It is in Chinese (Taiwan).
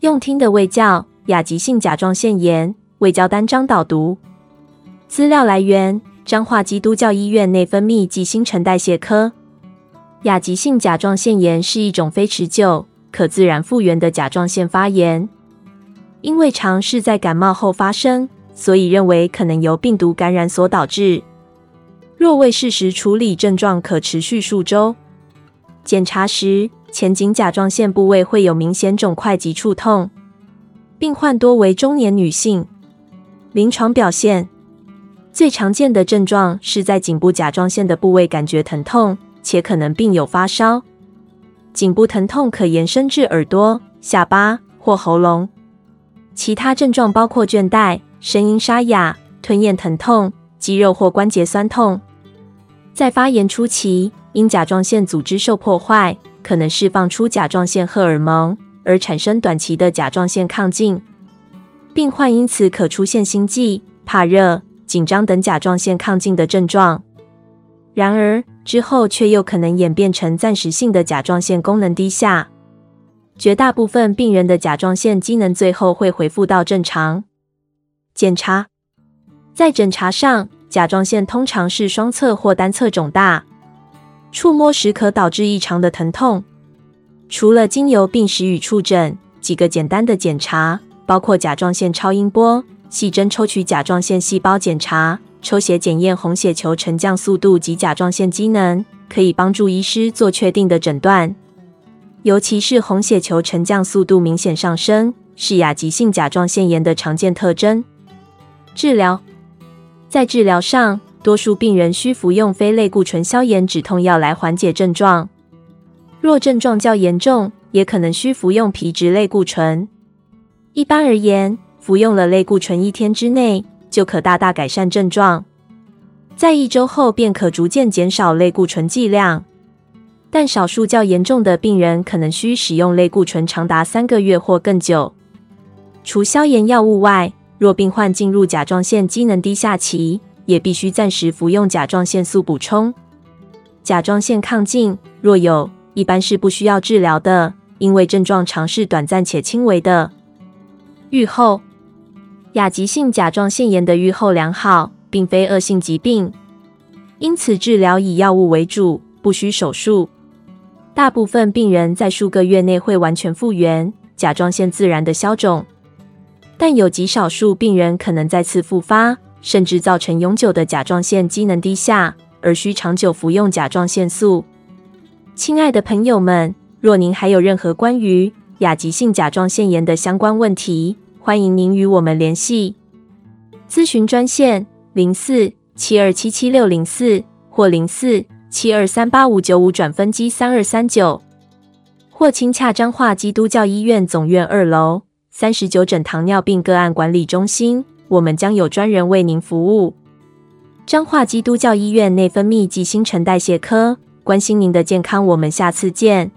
用聽的衛教，亞急性甲狀腺炎衛教單張導讀。資料來源，彰化基督教醫院內分泌暨新陳代謝科。亞急性甲狀腺炎是一種非持久、可自然復原的甲狀腺發炎。因為常是在感冒後發生，所以認為可能由病毒感染所導致。若未適時處理，症狀可持續數週。檢查時，前頸甲狀腺部位會有明顯腫塊及觸痛，病患多為中年女性。臨床表現最常見的症狀是在頸部甲狀腺的部位感覺疼痛，且可能併有發燒。頸部疼痛可延伸至耳朵、下巴或喉嚨。其他症狀包括倦怠、聲音沙啞、吞嚥疼痛、肌肉或關節酸痛。在發炎初期，因甲狀腺組織受破壞。可能釋放出甲狀腺荷爾蒙，而產生短期的甲狀腺亢進，病患因此可出現心悸、怕熱、緊張等甲狀腺亢進的症狀。然而之後卻又可能演變成暫時性的甲狀腺功能低下，絕大部分病人的甲狀腺機能最後會恢復到正常。檢查。在診查上，甲狀腺通常是雙側或單側腫大。觸摸時可導致異常的疼痛。除了經由病史與觸診，幾個簡單的檢查，包括甲狀腺超音波、細針抽取甲狀腺細胞檢查、抽血檢驗紅血球沉降速度及甲狀腺機能，可以幫助醫師做確定的診斷。尤其是紅血球沉降速度明顯上升，是亞急性甲狀腺炎的常見特徵。治療。在治療上。多數病人需服用非類固醇消炎止痛藥來緩解症狀，若症狀較嚴重，也可能需服用皮質類固醇。一般而言，服用了類固醇一天之內就可大大改善症狀，在一周後便可逐漸減少類固醇劑量。但少數較嚴重的病人可能需使用類固醇長達三個月或更久。除消炎藥物外，若病患進入甲狀腺機能低下期，也必須暫時服用甲狀腺素補充。甲狀腺亢進若有，一般是不需要治療的，因為症狀常是短暫且輕微的。預後。亞急性甲狀腺炎的預後良好，並非惡性疾病，因此治療以藥物為主，不需手術。大部分病人在數個月內會完全復原，甲狀腺自然的消腫。但有極少數病人可能再次復發。甚至造成永久的甲狀腺機能低下，而需長久服用甲狀腺素。親愛的朋友們，若您還有任何關於亞急性甲狀腺炎的相關問題，歡迎您與我們聯繫。諮詢專線：零四七二七七六零四或零四七二三八五九五轉分機三二三九，或親洽彰化基督教醫院總院二樓三十九診糖尿病病個案管理中心。我們將有專人為您服務。彰化基督教醫院內分泌暨新陳代謝科，關心您的健康，我們下次見。